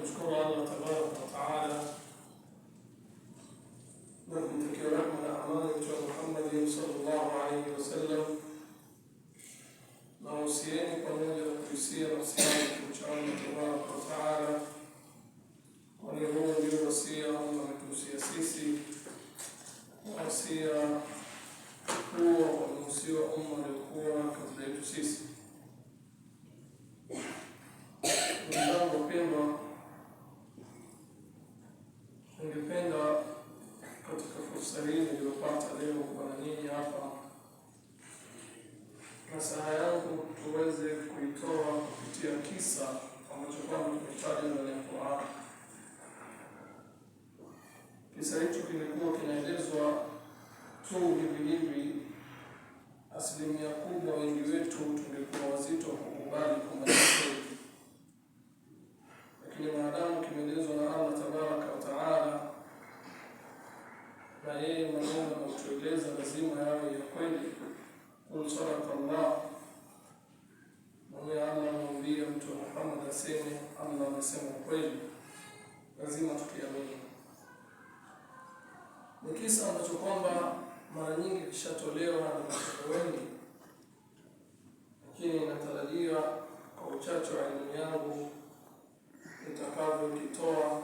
Tá Biz Kur'an'ı ambacho mhifadhi ndani ya Qur'an. Kisa hicho kimekuwa kinaelezwa tu hivi hivi. Asilimia kubwa wengi wetu tungekuwa wazito kukubali kwamba lakini maadamu kimeelezwa na Allah tabaraka wa taala, na yeye maneno anaotueleza lazima yawe ya kweli. Qul sadaqa Allah huyo Allah maumbile mtu Muhammad aseme Allah amesema ukweli, lazima tukiamini. Ni kisa ambacho kwamba mara nyingi kishatolewa na watoto wengi, lakini inatarajia kwa uchache wa elimu yangu nitakavyokitoa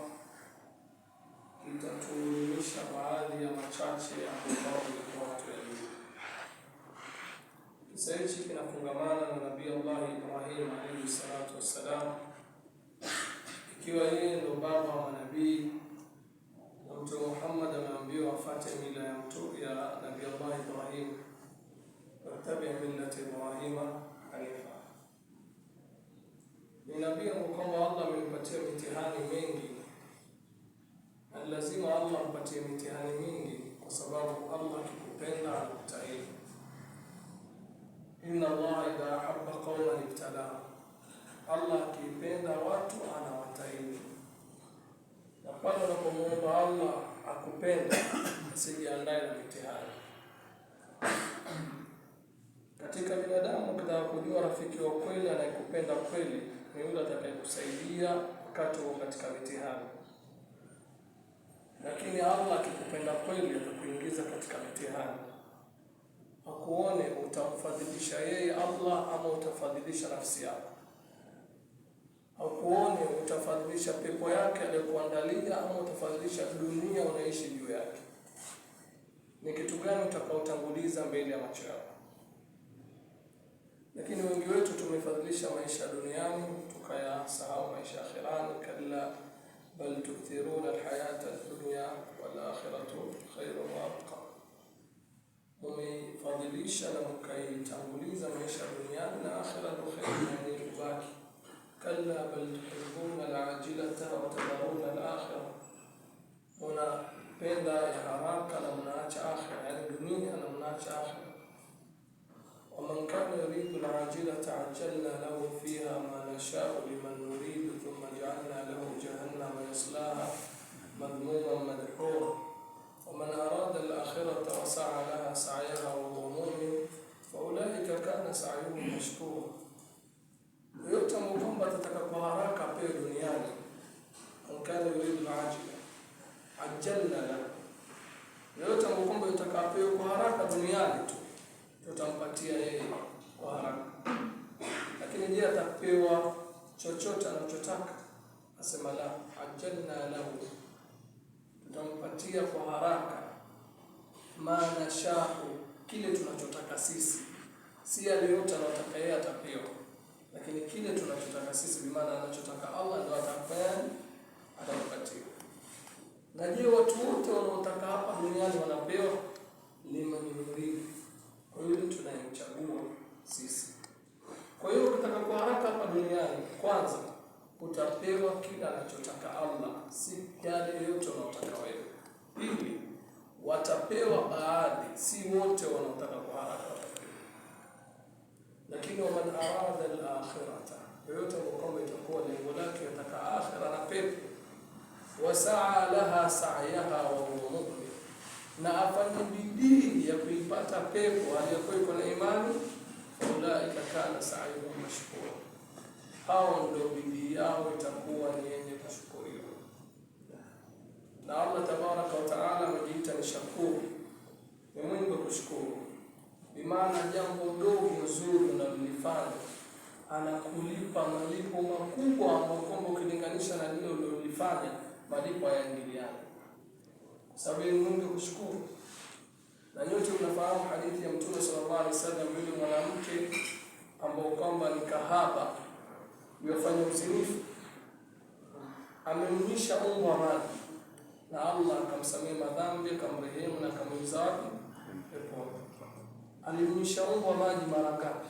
sijiandae na mitihani. Katika binadamu ukitaka kujua rafiki wa kweli anayekupenda kweli ni yule atakayekusaidia wakati huo katika mitihani, lakini Allah akikupenda kweli atakuingiza katika mitihani, akuone utamfadhilisha yeye Allah ama utafadhilisha nafsi yako, akuone utafadhilisha pepo yake aliyokuandalia ama utafadhilisha dunia unaishi juu yake ni kitu gani utakaotanguliza mbele ya macho yako. Lakini wengi wetu tumefadhilisha maisha duniani tukayasahau maisha akhirani. Kalla bal tukthiruna alhayata ad-dunya wal akhiratu khairun wa abqa, mumefadhilisha na mkaitanguliza maisha duniani na akhira ndo kheri yenye kubaki. Kalla bal tuhibbuna alajilata wa tadharuna alakhira بيضاء إعراب كان مناج آخر علمي أنا مناج آخر ومن كان يريد العاجلة عجلنا له فيها ما نشاء لمن نريد ثم جعلنا له جهنم يصلاها مذموما مدحورا ومن أراد الآخرة وسعى لها سعيها وغمومه فأولئك كان سعيهم مشكورا yote Muumba atakapoharaka pia من كان يريد العاجلة ajalana, yoyote ambayo kwamba utakapewa kwa haraka duniani tu tutampatia yeye kwa haraka, lakini je, atapewa chochote anachotaka? Asema la, ajalna lahu, tutampatia kwa haraka maana shahu, kile tunachotaka sisi, si yale yote yeye atapewa, lakini kile tunachotaka sisi, bimaana anachotaka Allah ndio atakupatia. Najua watu wote wanaotaka hapa duniani wanapewa? Neema ni mbili. Kwa hiyo ndio tunayemchagua sisi. Kwa hiyo ukitaka kwa haraka hapa duniani, kwanza utapewa kila anachotaka Allah, si yale yote unaotaka wewe. Pili, watapewa baadhi, si wote wanaotaka kwa haraka, lakini man arada al-akhirata, yoyote wasaa laha sa'yaha wa mu'min, na afanye bidii ya kuipata pepo aliyokuwa iko na imani. Ulaika kana sa'yuhum mashkura, hao ndo bidii yao itakuwa ni yenye kushukuriwa. Na Allah tabaraka wataala taala amejiita ni shakuru, ni mwingi wa kushukuru, bimaana jambo dogo zuri unalolifanya anakulipa malipo makubwa ambayo kwamba ukilinganisha na lile ulilolifanya malipo hayaingiliani. Sababu Mungu kushukuru, na nyote mnafahamu hadithi ya Mtume sallallahu alaihi wasallam, yule mwanamke ambao kwamba ni kahaba yofanya uzinifu, amemnyisha umbwa maji na Allah akamsamehe madhambi, akamrehemu na akamuingiza wapi? Peponi. Alimnyisha umbwa maji mara ngapi?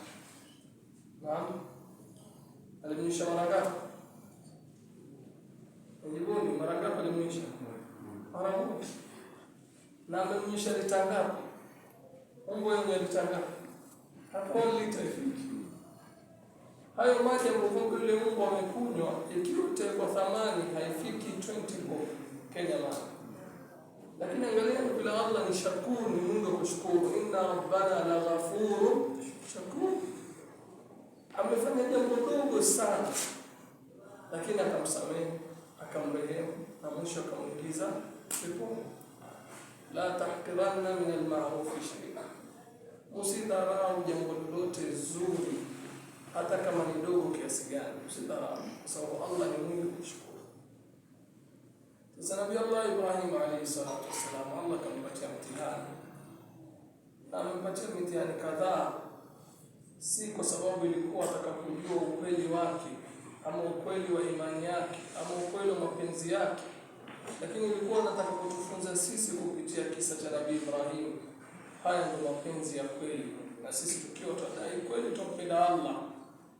Naam, alimnyisha mara ngapi? Ujibuni mara ngapi alimnyonyesha? Mara moja. Na amemnyonyesha lita ngapi? Mbwa yenye lita ngapi? Hapo lita ifiki. Hayo maji ambayo yule mbwa amekunywa ikiyote kwa thamani haifiki 20 bob Kenya mara. Lakini angalia bila Allah ni shakuru ni Mungu kushukuru. Inna rabbana la ghafuru shakuru. Amefanya jambo dogo sana lakini akamsamehe akamrehemu, na mwisho akamuingiza peponi. La tahqiranna min almarufi shay'a, musidharau jambo lolote zuri, hata kama ni dogo kiasi gani, musidharau, kwa sababu Allah ni mwingi kumshukuru. Sasa Nabii Allah Ibrahim alayhi salatu wassalam, Allah akampatia mtihani, na amempatia mitihani kadhaa, si kwa sababu ilikuwa atakapojua ukweli wake ama ukweli wa imani yake ama ukweli wa mapenzi yake, lakini ilikuwa nataka kutufunza sisi kupitia kisa cha Nabii Ibrahim. Haya ndio mapenzi ya kweli, na sisi tukiwa tadai kweli tumpenda Allah,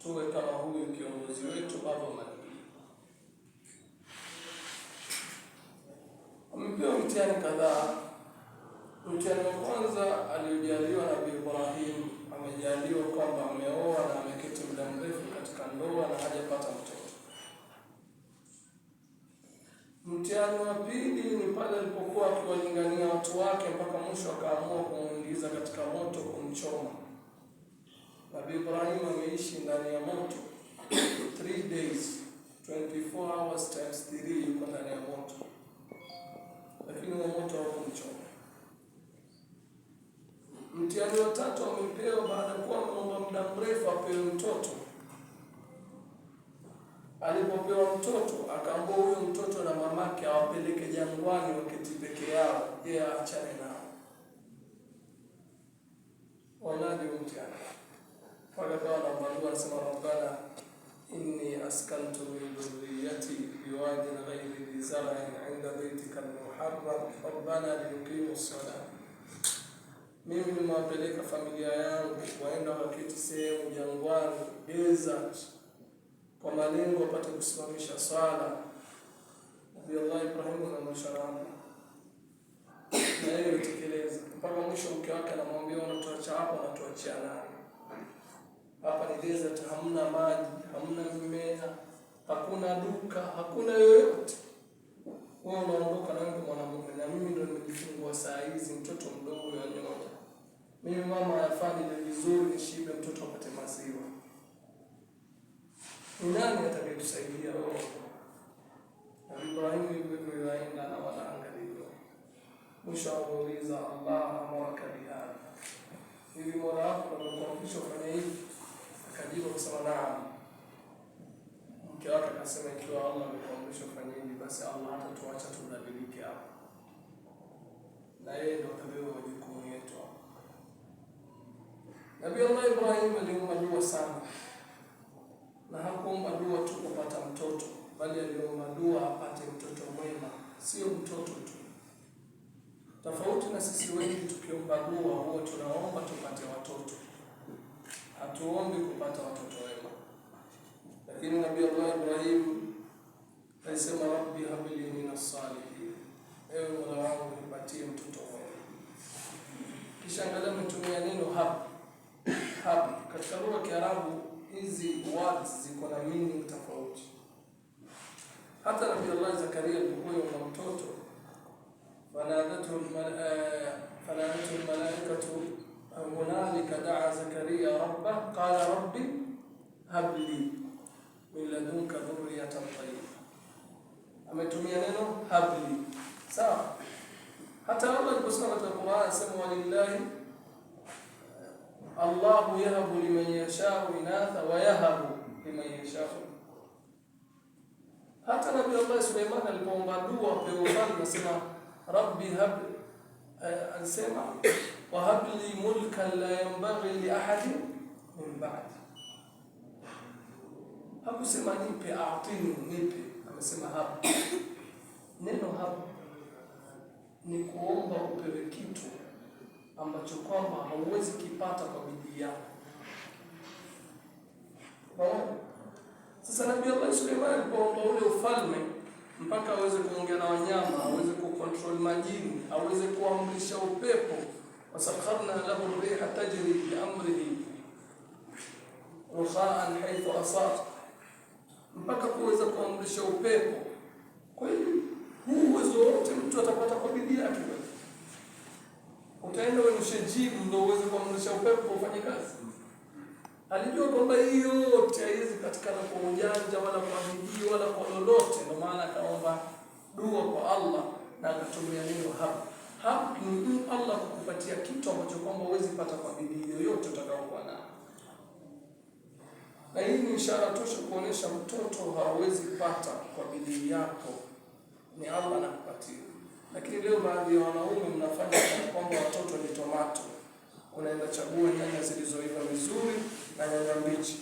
tuwe kama huyu kiongozi wetu baba Mahdi. Amepewa mtihani kadhaa. Mtihani wa kwanza Ibrahim ameishi ndani ya moto 3 days 24 hours times 3, yuko ndani ya moto, lakini huo moto haukumchoma. Mtihani wa tatu amepewa baada ya kuwa ameomba muda mrefu apewe mtoto. Alipopewa mtoto, akaambia huyo mtoto na mamake awapeleke jangwani waketi peke yao, yeye aachane nao. Wanaje mtihani Qala Taala Mwandu anasema rabbana inni askantu min biwadin ghairi dhi zar'in 'inda baytika rabbana liyuqimu mimi nimewapeleka familia yangu waenda waketi sehemu jangwani desert kwa malengo wapate kusimamisha swala. Allah Ibrahim na yeye mpaka mwisho. Mke wake anamwambia unatuacha hapa, unatuachia nani? Hapa ni desert, hamna maji, hamna mimea, hakuna duka, hakuna yoyote. Wewe unaondoka na wewe mwanamume, na mimi ndo nimejifungua saa hizi, mtoto mdogo ya nyonya. Mimi mama afanye vizuri, nishibe, mtoto apate maziwa. Ni nani atakayetusaidia wewe? Oh. Ibrahimu ibn Ibrahim na angalio. mwisho anauliza Allah mwaka bihadha, hivi mola wako anakuamrisha ufanye hivi Kajibu kusema naam. Mke wake akasema, ikiwa Allah amekuamrisha kufanya basi Allah hatatuacha tudhalilike hapa, na yeye ndo kabeba majukumu yetu. Nabii Allah Ibrahim aliomba dua sana, na hakuomba dua tu kupata mtoto, bali aliomba dua apate mtoto mwema, sio mtoto tu tofauti na sisi wengi tukiomba dua huo tunaomba tupate watoto hatuombi kupata watoto wema, lakini Nabii Allah Ibrahim alisema rabbi habli min salihin, ewe Mola wangu nipatie mtoto wema. Kisha angalia mtumia neno hab hab. Katika lugha ya Kiarabu hizi words ziko na meaning tofauti. Hata Nabii Allah Zakaria alipokuwa na mtoto, fanadathu almalaikatu eh, هنالك دعا زكريا ربه قال ربي هب لي من لدنك ذرية طيبة ametumia neno habli sawa. Hata Allah aliposema katika Qur'an anasema walillahi Allahu yahabu liman yashau inatha wa yahabu liman yashau. Hata Nabii Allah Suleiman alipoomba dua apewe ufalme, anasema rabbi habli Eh, anasema wahabli mulkan la yanbaghi li ahadin min ba'di. Hakusema nipe atini, nipe, amesema habu. Neno habu ni kuomba upewe kitu ambacho kwamba hauwezi kipata kwa bidii yako. Sasa Nabii Allah Suleiman alipoomba ule ufalme mpaka aweze kuongea na wanyama, aweze kucontrol majini, aweze kuamrisha upepo. wasakharna lahu riha tajri amrihi rukhaan haithu asaf, mpaka kuweza kuamrisha upepo. Kwa hiyo huu uwezo wote mtu atapata kwa bidii yake. Utaenda wenyeshe jimu ndio uweze kuamrisha upepo ufanye kazi. Alijua kwamba hii yote haiwezi patikana kwa ujanja wala kwa bidii wala kwa lolote. Ndio maana akaomba dua kwa Allah na akatumia neno hapa hapa ni Allah kukupatia kitu ambacho kwamba huwezi pata kwa bidii yoyote utakayokuwa nayo, na hii ni ishara tosha kuonesha mtoto hauwezi pata kwa bidii yako, ni Allah anakupatia. Lakini leo baadhi ya wanaume mnafanya kwamba watoto ni tomato, unaenda chagua nyanya zilizoiva vizuri na nyanya mbichi.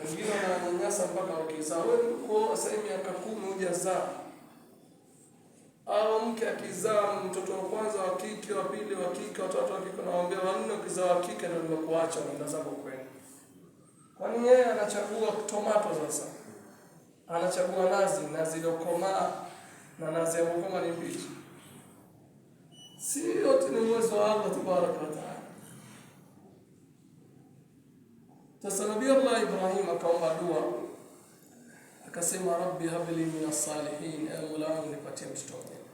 Wengine wanawanyanyasa mpaka wakizaa. Wewe uko sasa miaka kumi hujazaa, au mke akizaa mtoto wa kwanza wa kike, wa pili wa kike, watatu wa kike, nawaambia wanne, ukizaa wa kike ndio nimekuacha, nenda zako kwenda. Kwani yeye anachagua tomato sasa, anachagua nazi, nazi iliyokomaa na nazi ya kukoma ni mbichi. Sio yote ni uwezo wa Allah tabaraka wataala. Sasa Nabii Allah Ibrahim akaomba dua akasema, rabbi habli min salihin, ewe Mola wangu nipatie mtoto mwema.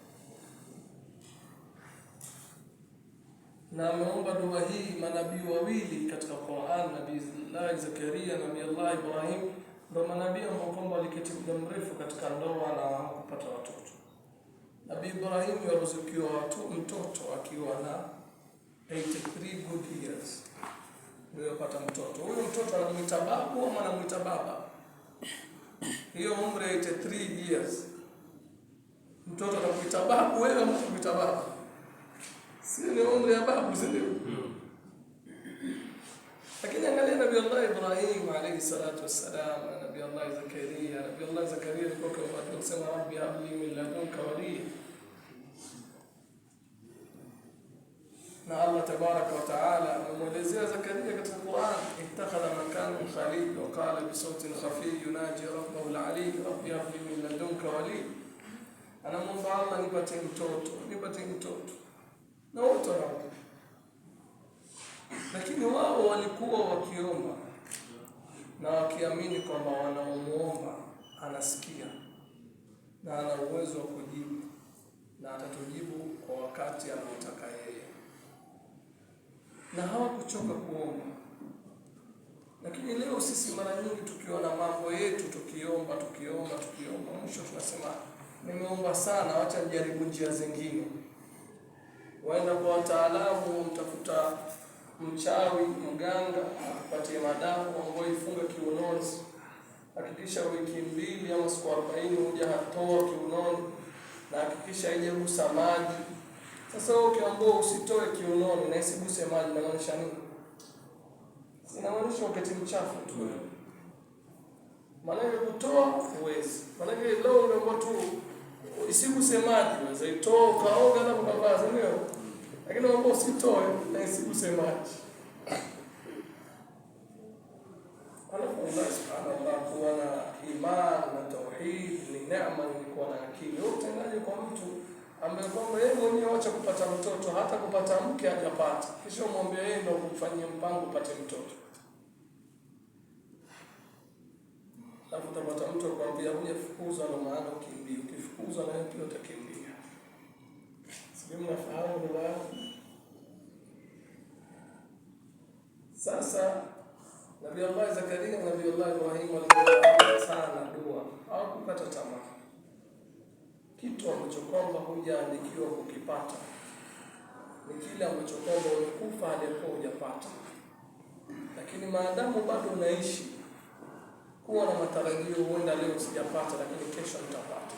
Na ameomba dua hii manabii wawili katika Qur'an, Nabii Allah Zakaria na Nabii Allah Ibrahim, ndio manabii ambao kwamba waliketi muda mrefu katika ndoa na kupata watoto. Nabii Ibrahim aliruzukiwa mtoto akiwa na 83 good years uliyopata mtoto. Huyu mtoto anamwita babu ama anamwita baba? Hiyo umri aite years, mtoto anakuita babu, wewe unamuita baba, si ni umri ya babu, si ndio? Hmm. Lakini angalia Nabii Allah Ibrahim alayhi salatu wassalam, Nabii Allah Zakaria, Nabii Allah Zakaria alikuwa akisema rabbi habli min ladunka waliya na Allah tabaraka wa taala amemwelezea Zakaria katika Quran, ittakhadha makanan khalil wa qala bi sautin khafi yunaji rabbahu al-ali rabbi habli min ladunka wali, anamwomba Allah nipate mtoto, nipatie mtoto, na wote wanaomba, lakini wao walikuwa wakiomba na wakiamini kwamba wanaomwomba anasikia na ana uwezo wa kujibu na atatujibu kwa wakati anaotaka yeye na hawakuchoka kuomba. Lakini leo sisi mara nyingi tukiona mambo yetu, tukiomba tukiomba tukiomba, mwisho tunasema nimeomba sana, wacha nijaribu njia zingine. Waenda kwa wataalamu, mtafuta mchawi, mganga akupatie madawa ambayo ifunga kiunozi, hakikisha wiki mbili ama siku arobaini huja hatoa kiunoni, na hakikisha haijagusa maji sasa wewe ukiambiwa usitoe kiunoni na hisi isiguse maji inamaanisha nini? Inamaanisha wakati mchafu tu. Maanake kutoa huwezi. Maanake leo umeambiwa tu isiguse maji, unaweza itoa ukaoga na ukavaa, si ndio? Lakini umeambiwa usitoe na isiguse maji. Allah subhanahu wa kuwa na imani na tauhid ni neema nilikuwa na akili. Wewe utendaje kwa mtu ambaye kwamba yeye mwenyewe acha kupata mtoto, hata kupata mke hajapata, kisha mwambie yeye ndio kumfanyia mpango upate mtoto, alafu utapata mtu akwambia hujafukuzwa, ndio maana ukimbia. Ukifukuzwa naye pia utakimbia. Sijui mnafahamu la sasa Nabii Allah Zakaria na Nabii Allah Ibrahim walikuwa sana dua, hawakukata tamaa kitu ambacho kwamba hujaandikiwa kukipata, ni kile ambacho kwamba ulikufa alikuwa hujapata. Lakini maadamu bado unaishi, kuwa na matarajio, huenda leo sijapata, lakini kesho nitapata.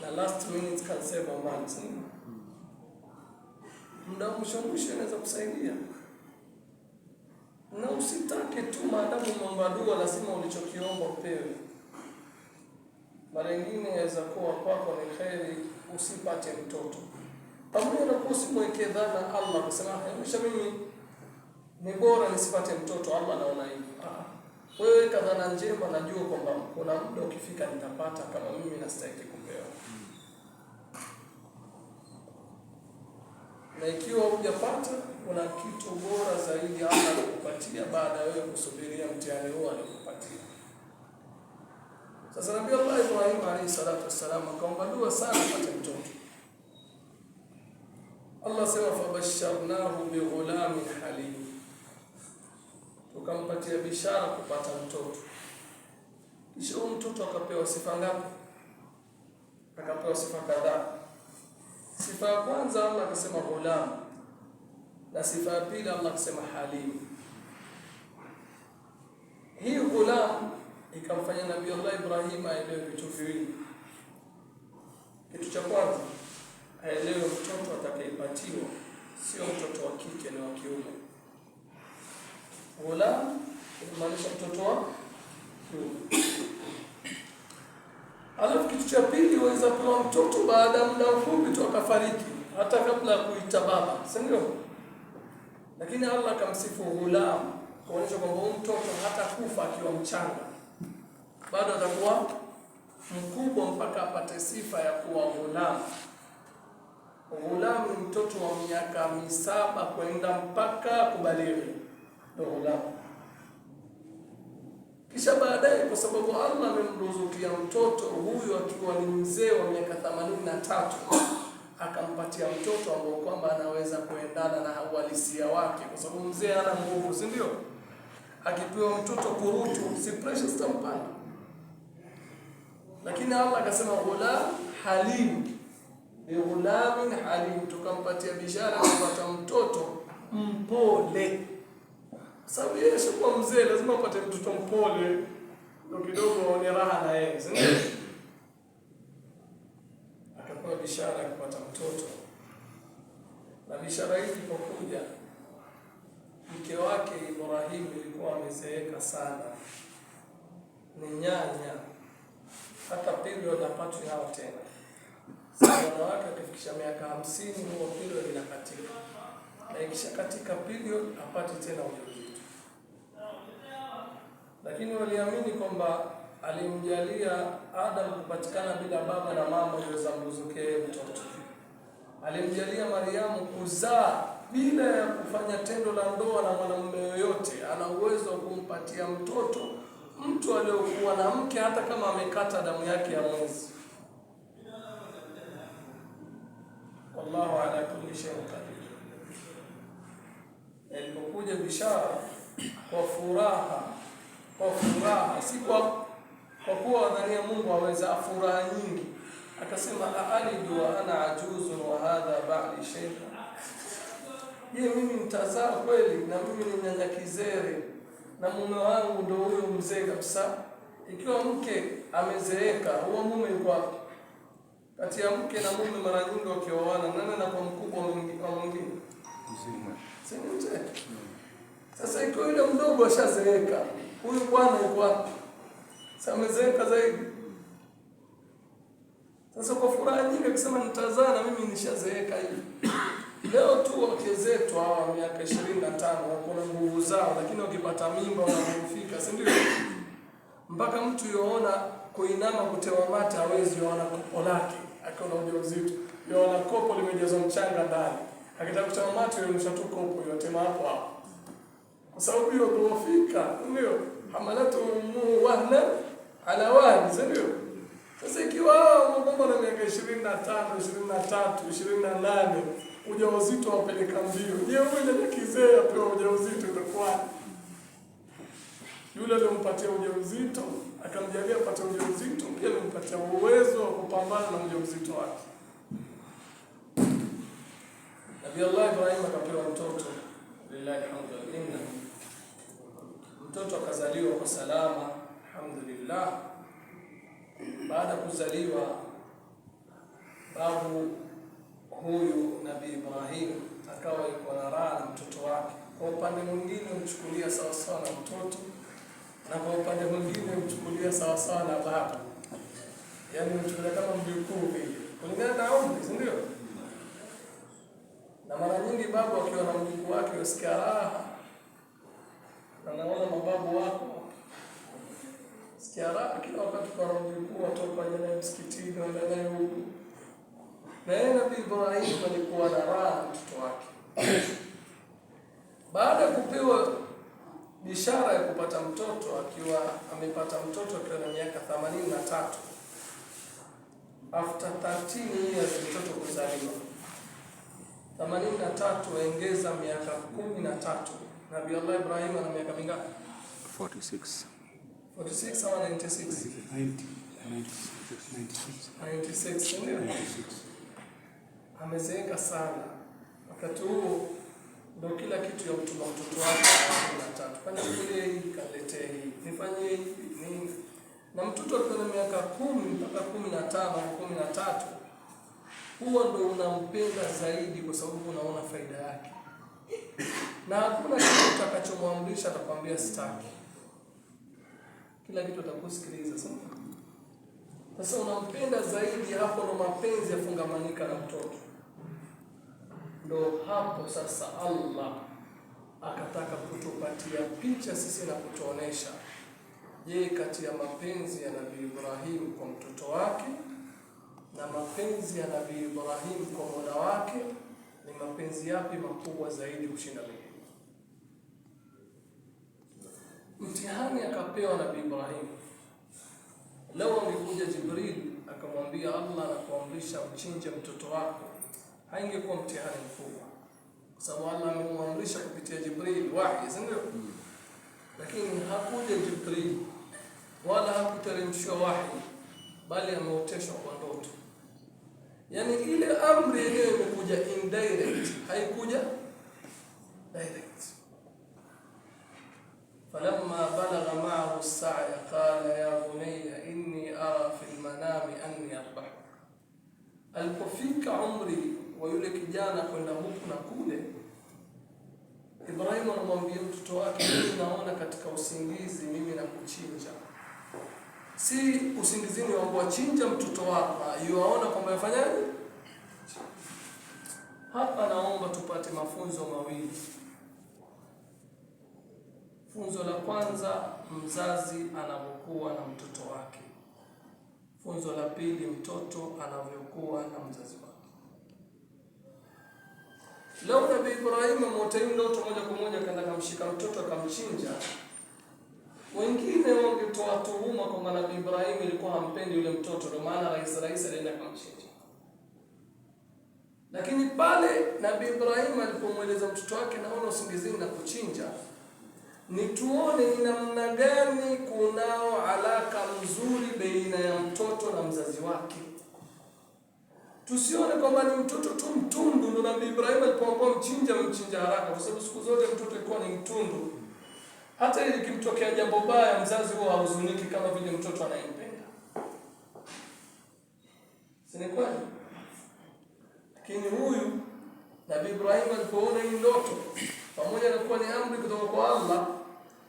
na last minute can save a month. Muda mshongushe anaweza kusaidia na usitake tu maadamu umeomba dua, lazima ulichokiomba upewe. Mara nyingine inaweza kuwa kwako ni kheri usipate mtoto, pamoja na kuwa dhana Allah kusema amesha, mimi ni bora nisipate mtoto, Allah anaona hivi. Ah, wewe kadhana njema, najua kwamba kuna muda ukifika nitapata, kama mimi nastahili kupewa na ikiwa hujapata, kuna kitu bora zaidi Allah alikupatia baada ya wewe kusubiria mtihani huo anakupatia. Sasa Nabii Allah Ibrahim alayhi salatu wassalam akaomba dua sana apate mtoto. Allah sema fabasharnahu bighulamin halim, tukampatia bishara kupata mtoto. Kisha huyu mtoto akapewa sifa ngapi? Akapewa sifa kadhaa Sifa ya kwanza Allah akasema ghulam, na sifa ya pili Allah akasema halimu. Hii ghulam ikamfanya Nabii Allah Ibrahim aelewe vitu viwili. Kitu cha kwanza aelewe mtoto atakayepatiwa sio mtoto wa kike na wa kiume. Ghulam inamaanisha mtoto wa kiume Alafu kitu cha pili, waweza kuwa mtoto baada ya muda mfupi tu akafariki, hata kabla ya kuita baba, si ndio? Lakini Allah akamsifu ghulam kuonyesha kwamba huyu mtoto hata kufa akiwa mchanga, bado atakuwa mkubwa mpaka apate sifa ya kuwa ghulam. Ghulam ni mtoto wa miaka misaba kwenda mpaka kubalighi, ndio ghulam. Kisha baadaye, kwa sababu Allah amemruzukia mtoto huyu akiwa ni mzee wa miaka themanini na tatu akampatia mtoto ambao kwamba anaweza kuendana na uhalisia wake, kwa sababu mzee ana nguvu, si ndio? Akipewa mtoto kurutu, si pressure zitampanda. Lakini Allah akasema ghulam halim, ni ghulamin halim, tukampatia bishara kupata mtoto mpole sababu yeye ashakuwa mzee, lazima apate mtoto mpole, ndo kidogo ni raha na yeye akapewa bishara ya kupata mtoto, na bishara hii ilipokuja, mke wake Ibrahimu ilikuwa amezeeka sana, ni nyanya, hata period hapatwi yao tena. Wanawake akifikisha miaka hamsini huo period inakatika, na ikishakatika period apate tena uja lakini waliamini kwamba alimjalia Adam kupatikana bila baba na mama iliweza zambuzuke mtoto. Alimjalia Mariamu kuzaa bila ya kufanya tendo la ndoa na mwanamume yoyote. Ana uwezo wa kumpatia mtoto mtu aliyokuwa na mke, hata kama amekata damu yake ya mwezi. Wallahu ala kulli shay'in qadir. Alipokuja bishara kwa furaha kwa furaha, si kwa kwa kuwa wadhania Mungu aweza furaha nyingi. Akasema aalidu ah, wa ana ajuzun wa hadha ba'di shaykha, je, mimi mtazaa kweli na mimi ni nyanya kizere na mume wangu ndio huyo mzee kabisa? Ikiwa mke amezeeka, huo mume yuko wapi? Kati ya mke na mume mara nyingi wakioana, nani anakuwa mkubwa wa mwingine? Mzee. Sasa ikiwa yule mdogo ashazeeka huyu bwana yuko wapi? Samezeka zaidi. Sasa kwa furaha nyingi akisema nitazaa na mimi nishazeeka hivi. Leo tu wake zetu hawa miaka 25 wako na nguvu zao, lakini wakipata mimba wanafika, si ndio? Mpaka mtu yoona kuinama kutewa mate hawezi, yoona kopo lake akiwa na ujauzito, yoona kopo limejazwa mchanga ndani, akitaka kutewa mate tu kopo yotema hapo hapo kwa sababu hiyo dhoofika, ndio hamalatu ummuhu wahna ala wahn, si ndio? Sasa ikiwa mgomba na miaka ishirini na tano ishirini na tatu ishirini na nane ujauzito wapeleka mbio, je, huyu dada kizee apewa ujauzito itakuwaje? Yule alimpatia ujauzito akamjalia apate ujauzito, pia alimpatia uwezo wa kupambana na ujauzito wake. Nabii Allah Ibrahim akapewa mtoto Lillahi alhamdulillah. Mtoto akazaliwa kwa salama, alhamdulillah. Baada ya kuzaliwa babu huyu Nabii Ibrahim akawa yuko na raha na mtoto wake. Kwa upande mwingine humchukulia sawasawa na mtoto na kwa upande mwingine umchukulia sawasawa na babu, yaani humchukulia kama mjukuu vile kulingana na umri, si ndio? Na mara nyingi babu akiwa na mjukuu wake usikia raha, na naona mababu wako sikia raha kila wakati kwa mjukuu, atoka waja naye msikitini, waja naye huku. Na yeye Nabii Ibrahim alikuwa na raha mtoto wake baada ya kupewa bishara ya kupata mtoto akiwa amepata mtoto akiwa na miaka themanini na tatu after 13 years mtoto kuzaliwa themanini na tatu aongeza miaka kumi na tatu Nabii Allah Ibrahim ana miaka mingapi? 46. 46 96? amezeeka sana. Wakati huo ndo kila kitu ya kutuma mtoto wake na tatu, fanya vile hii, nifanye hivi, nini. Na mtoto alikuwa na miaka kumi mpaka kumi na tano au kumi na tatu huwa ndo unampenda zaidi, kwa sababu unaona faida yake, na hakuna kitu utakachomwamrisha atakwambia sitaki. Kila kitu atakusikiliza sana. Sasa unampenda zaidi, hapo ndo mapenzi yafungamanika na mtoto, ndo hapo sasa Allah akataka kutupatia picha sisi na kutuonesha, je, kati ya mapenzi ya Nabii Ibrahim kwa mtoto wake na mapenzi ya Nabii Ibrahim kwa Mola wake ni mapenzi yapi makubwa zaidi kushinda mengine? Mtihani akapewa Nabii Ibrahim. Leo angekuja Jibril akamwambia Allah anakuamrisha mchinje mtoto wako, haingekuwa mtihani mkubwa, kwa sababu Allah amemwamrisha kupitia Jibril wahi, si ndio? Hmm. Lakini hakuja Jibril wala hakuteremshwa wahi, bali ameoteshwa kwa Yani ile amri yenyewe imekuja indirect, haikuja direct. Falamma balagha ma'ahu as-sa'ya qala ya bunayya inni ara fi al-manami anni arbah. Alipofika umri wa yule kijana kwenda huku na kule, Ibrahim anamwambia mtoto wake, naona katika usingizi mimi nakuchinja si usingizini wakuwachinja mtoto wako, yuaona kwamba yafanyaje? Hapa naomba tupate mafunzo mawili. Funzo la kwanza, mzazi anavyokuwa na mtoto wake. Funzo la pili, mtoto anavyokuwa na mzazi wake. Leo Nabii Ibrahimu ameota ndoto moja kwa moja, akaenda akamshika mtoto akamchinja wengine wangetoa tuhuma kwamba Nabii Ibrahim ilikuwa hampendi yule mtoto, ndio maana rais rais alienda kumchinja. Lakini pale Nabii Ibrahim alipomweleza mtoto wake, naona usingizini na kuchinja, ni tuone ni namna gani kunao alaka mzuri baina ya mtoto na mzazi wake. Tusione kwamba ni mtoto tu mtundu. Ndio Nabii Ibrahim alipoambiwa mchinja, mchinja haraka, kwa sababu siku zote mtoto alikuwa ni mtundu hata ili kimtokea jambo baya, mzazi huwa hahuzuniki kama vile mtoto anayempenda, si ni kweli? Lakini huyu Nabii Ibrahim alipoona hii ndoto, pamoja na kuwa ni amri kutoka kwa Allah,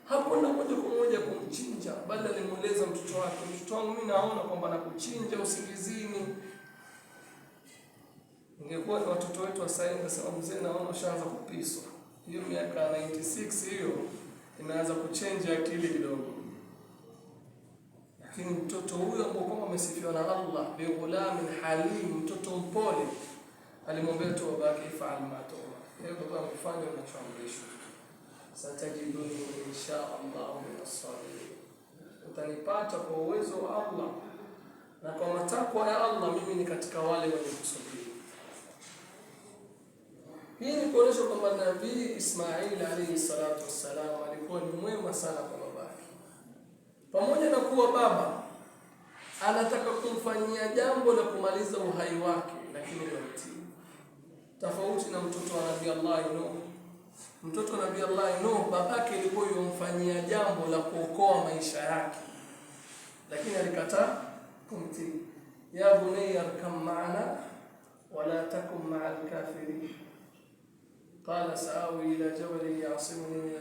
hakwenda moja kwa moja kumchinja, bali alimweleza mtoto wake, mtoto wangu, mimi naona kwamba nakuchinja usingizini. Ingekuwa ni watoto wetu wa sasa, kwa sababu naona ushaanza kupiswa. Hiyo miaka 96 hiyo inaanza kuchenja akili kidogo, lakini mtoto huyo ambao kwamba amesifiwa na Allah, bi ghulamin halim, mtoto mpole, alimwambia tu babake ifal ma tu'mar, hebu baba mfanye unachoamrishwa, satajiduni insha Allah min as-sabirin, utanipata kwa uwezo wa Allah na kwa matakwa ya Allah, mimi ni katika wale wenye kusubiri. Hii ni kuonyesha kwamba Nabii Ismail alayhi salatu wassalam alikuwa ni mwema sana kwa babake, pamoja na kuwa baba anataka kumfanyia jambo la kumaliza uhai wake, lakini limemtii, tofauti na mtoto wa Nabii Allah Nuh. Mtoto wa Nabii Allah Nuh, babake ilikuwa yomfanyia jambo la kuokoa maisha yake, lakini alikataa kumtii. ya bunayya arkam maana wala takum ma'al kafirin قال سآوي إلى جبل يعصمني من الماء